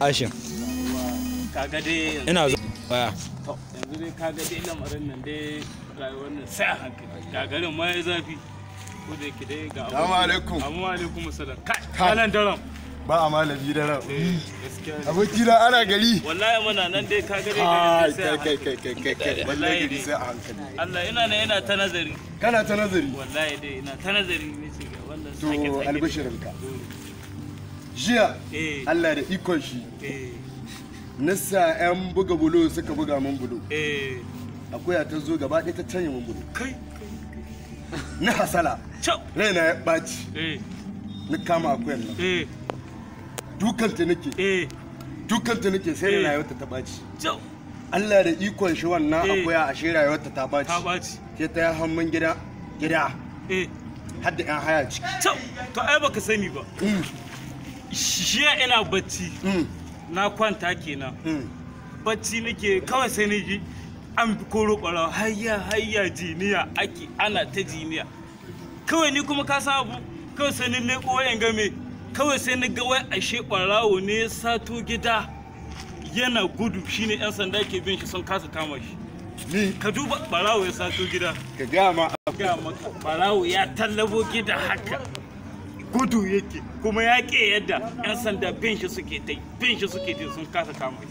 Ashin. Kaga dai ina zo baya. Yanzu dai kaga dai lamarin nan dai rayuwar nan sai a hankali. Gagarin ma ya zafi. Ko da yake dai ga Assalamu alaikum. Assalamu alaikum salam. Kai, kalan daram. ba a malami da ran aboki na ana gari wallahi mana nan dai ka gare gari sai kai kai kai kai kai wallahi gari sai a hankali Allah ina ne ina ta nazari kana ta nazari wallahi dai ina ta nazari ne ce ga wannan sake sake to albishirinka jiya eh. Allah da ikon shi eh. nasa yan buga bulo suka buga mun bulo eh akwai ta zo gaba ɗaya ta canye mun bulo kai na hasala raina ya ɓaci eh. na kama akwai nan dukan ta nake eh dukan ta nake sai eh. rayuwarta ta baci Allah da ikon shi wannan eh. akuya a shi rayuwarta ta baci ta baci ta ya hannun gida gida eh har da yan haya ciki to ai baka sani ba shi mm. ina bacci mm. na kwanta kenan mm. bacci nake kawai sai ni ji an koro kwarawa hayya hayya jiniya ake ana ta jiniya kawai ni kuma ka sabu kawai sai ni leko wayan game kawai sai na ga wai ashe ɓarawo ne ya sato gida yana gudu shine 'yan sanda ke bin shi sun kasa kama shi ni ka duba ɓarawo ya sato gida ka gaya ma ɓarawo ya tallabo gida haka gudu yake kuma ya ke yadda 'yan sanda bin shi suke ta bin shi suke ta sun kasa kama shi